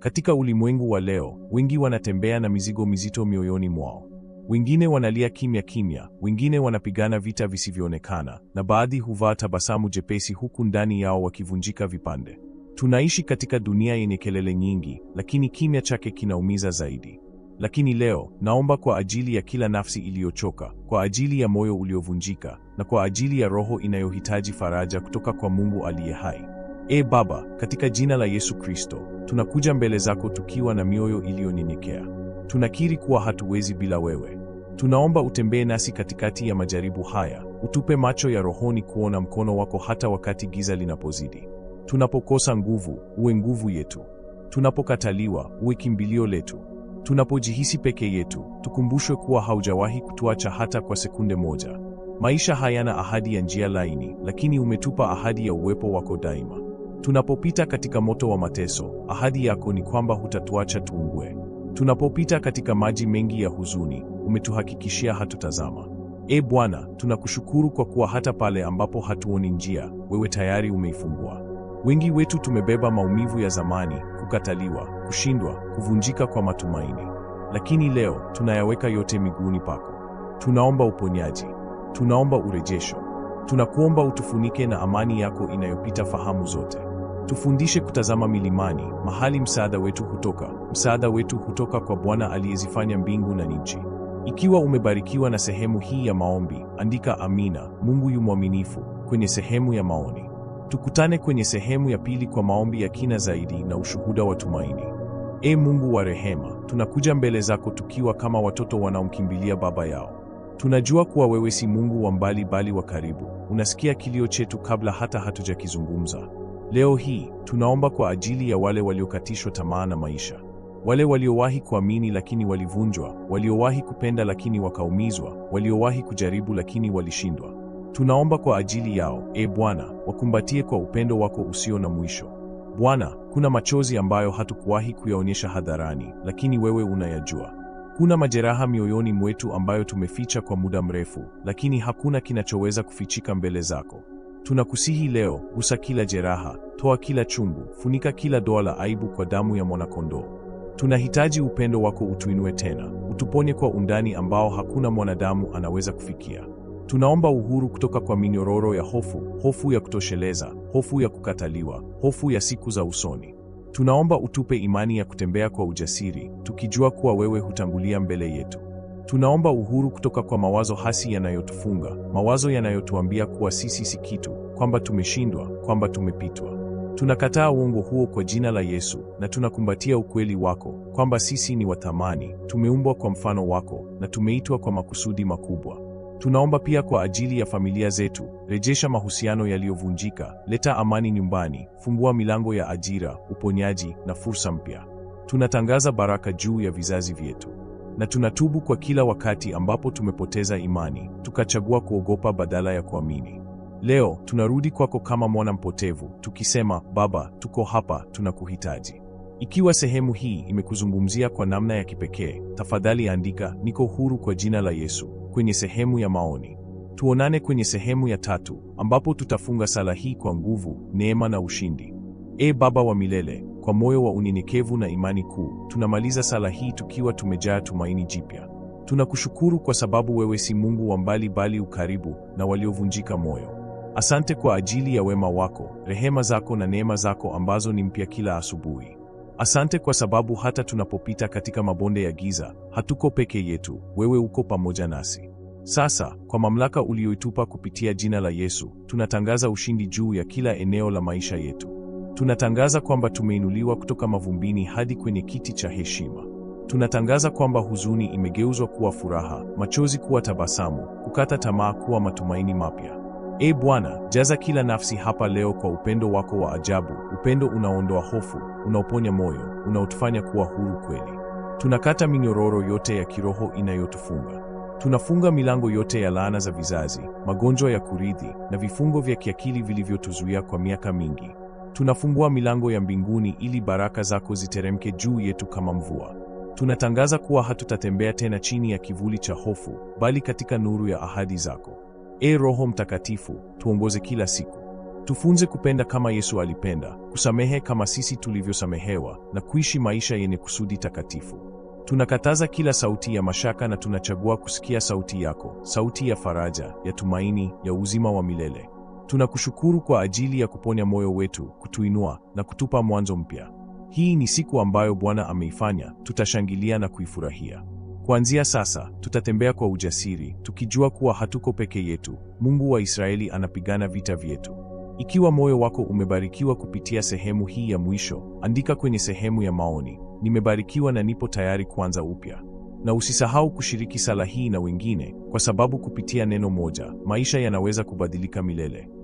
Katika ulimwengu wa leo, wengi wanatembea na mizigo mizito mioyoni mwao. Wengine wanalia kimya kimya, wengine wanapigana vita visivyoonekana, na baadhi huvaa tabasamu jepesi huku ndani yao wakivunjika vipande. Tunaishi katika dunia yenye kelele nyingi, lakini kimya chake kinaumiza zaidi. Lakini leo, naomba kwa ajili ya kila nafsi iliyochoka, kwa ajili ya moyo uliovunjika, na kwa ajili ya roho inayohitaji faraja kutoka kwa Mungu aliye hai. E Baba, katika jina la Yesu Kristo, tunakuja mbele zako tukiwa na mioyo iliyonyenyekea. Tunakiri kuwa hatuwezi bila wewe. Tunaomba utembee nasi katikati ya majaribu haya, utupe macho ya rohoni kuona mkono wako hata wakati giza linapozidi. Tunapokosa nguvu, uwe nguvu yetu. Tunapokataliwa, uwe kimbilio letu. Tunapojihisi peke yetu, tukumbushwe kuwa haujawahi kutuacha hata kwa sekunde moja. Maisha hayana ahadi ya njia laini, lakini umetupa ahadi ya uwepo wako daima. Tunapopita katika moto wa mateso, ahadi yako ni kwamba hutatuacha tuungwe. Tunapopita katika maji mengi ya huzuni, umetuhakikishia hatutazama. E Bwana, tunakushukuru kwa kuwa hata pale ambapo hatuoni njia, wewe tayari umeifungua. Wengi wetu tumebeba maumivu ya zamani, kukataliwa, kushindwa, kuvunjika kwa matumaini. Lakini leo tunayaweka yote miguuni pako. Tunaomba uponyaji. Tunaomba urejesho. Tunakuomba utufunike na amani yako inayopita fahamu zote. Tufundishe kutazama milimani, mahali msaada wetu hutoka. Msaada wetu hutoka kwa Bwana aliyezifanya mbingu na nchi. Ikiwa umebarikiwa na sehemu hii ya maombi, andika amina, Mungu yu mwaminifu, kwenye sehemu ya maoni. Tukutane kwenye sehemu ya pili kwa maombi ya kina zaidi na ushuhuda wa tumaini. E Mungu wa rehema, tunakuja mbele zako tukiwa kama watoto wanaomkimbilia baba yao. Tunajua kuwa wewe si Mungu wa mbali bali wa karibu. Unasikia kilio chetu kabla hata hatujakizungumza. Leo hii tunaomba kwa ajili ya wale waliokatishwa tamaa na maisha, wale waliowahi kuamini lakini walivunjwa, waliowahi kupenda lakini wakaumizwa, waliowahi kujaribu lakini walishindwa. Tunaomba kwa ajili yao, e Bwana, wakumbatie kwa upendo wako usio na mwisho. Bwana, kuna machozi ambayo hatukuwahi kuyaonyesha hadharani, lakini wewe unayajua. Kuna majeraha mioyoni mwetu ambayo tumeficha kwa muda mrefu, lakini hakuna kinachoweza kufichika mbele zako. Tunakusihi leo, gusa kila jeraha, toa kila chungu, funika kila doa la aibu kwa damu ya mwanakondoo. Tunahitaji upendo wako, utuinue tena, utuponye kwa undani ambao hakuna mwanadamu anaweza kufikia. Tunaomba uhuru kutoka kwa minyororo ya hofu, hofu ya kutosheleza, hofu ya kukataliwa, hofu ya siku za usoni. Tunaomba utupe imani ya kutembea kwa ujasiri, tukijua kuwa wewe hutangulia mbele yetu. Tunaomba uhuru kutoka kwa mawazo hasi yanayotufunga, mawazo yanayotuambia kuwa sisi si kitu, kwamba tumeshindwa, kwamba tumepitwa. Tunakataa uongo huo kwa jina la Yesu na tunakumbatia ukweli wako kwamba sisi ni wa thamani, tumeumbwa kwa mfano wako na tumeitwa kwa makusudi makubwa. Tunaomba pia kwa ajili ya familia zetu, rejesha mahusiano yaliyovunjika, leta amani nyumbani, fungua milango ya ajira, uponyaji na fursa mpya. Tunatangaza baraka juu ya vizazi vyetu na tunatubu kwa kila wakati ambapo tumepoteza imani, tukachagua kuogopa badala ya kuamini. Leo tunarudi kwako kama mwana mpotevu, tukisema Baba, tuko hapa, tunakuhitaji. Ikiwa sehemu hii imekuzungumzia kwa namna ya kipekee, tafadhali andika niko huru kwa jina la Yesu kwenye sehemu ya maoni. Tuonane kwenye sehemu ya tatu ambapo tutafunga sala hii kwa nguvu, neema na ushindi. E Baba wa milele, kwa moyo wa unyenyekevu na imani kuu, tunamaliza sala hii tukiwa tumejaa tumaini jipya. Tunakushukuru kwa sababu wewe si Mungu wa mbali, bali ukaribu na waliovunjika moyo. Asante kwa ajili ya wema wako, rehema zako na neema zako ambazo ni mpya kila asubuhi. Asante kwa sababu hata tunapopita katika mabonde ya giza, hatuko peke yetu, wewe uko pamoja nasi. Sasa, kwa mamlaka uliyoitupa kupitia jina la Yesu, tunatangaza ushindi juu ya kila eneo la maisha yetu. Tunatangaza kwamba tumeinuliwa kutoka mavumbini hadi kwenye kiti cha heshima. Tunatangaza kwamba huzuni imegeuzwa kuwa furaha, machozi kuwa tabasamu, kukata tamaa kuwa matumaini mapya. E Bwana, jaza kila nafsi hapa leo kwa upendo wako wa ajabu, upendo unaondoa hofu, unaoponya moyo, unaotufanya kuwa huru kweli. Tunakata minyororo yote ya kiroho inayotufunga. Tunafunga milango yote ya laana za vizazi, magonjwa ya kurithi na vifungo vya kiakili vilivyotuzuia kwa miaka mingi. Tunafungua milango ya mbinguni ili baraka zako ziteremke juu yetu kama mvua. Tunatangaza kuwa hatutatembea tena chini ya kivuli cha hofu, bali katika nuru ya ahadi zako. E Roho Mtakatifu, tuongoze kila siku. Tufunze kupenda kama Yesu alipenda, kusamehe kama sisi tulivyosamehewa, na kuishi maisha yenye kusudi takatifu. Tunakataza kila sauti ya mashaka na tunachagua kusikia sauti yako, sauti ya faraja, ya tumaini, ya uzima wa milele. Tunakushukuru kwa ajili ya kuponya moyo wetu, kutuinua na kutupa mwanzo mpya. Hii ni siku ambayo Bwana ameifanya, tutashangilia na kuifurahia. Kuanzia sasa, tutatembea kwa ujasiri, tukijua kuwa hatuko peke yetu. Mungu wa Israeli anapigana vita vyetu. Ikiwa moyo wako umebarikiwa kupitia sehemu hii ya mwisho, andika kwenye sehemu ya maoni, nimebarikiwa na nipo tayari kuanza upya. Na usisahau kushiriki sala hii na wengine, kwa sababu kupitia neno moja, maisha yanaweza kubadilika milele.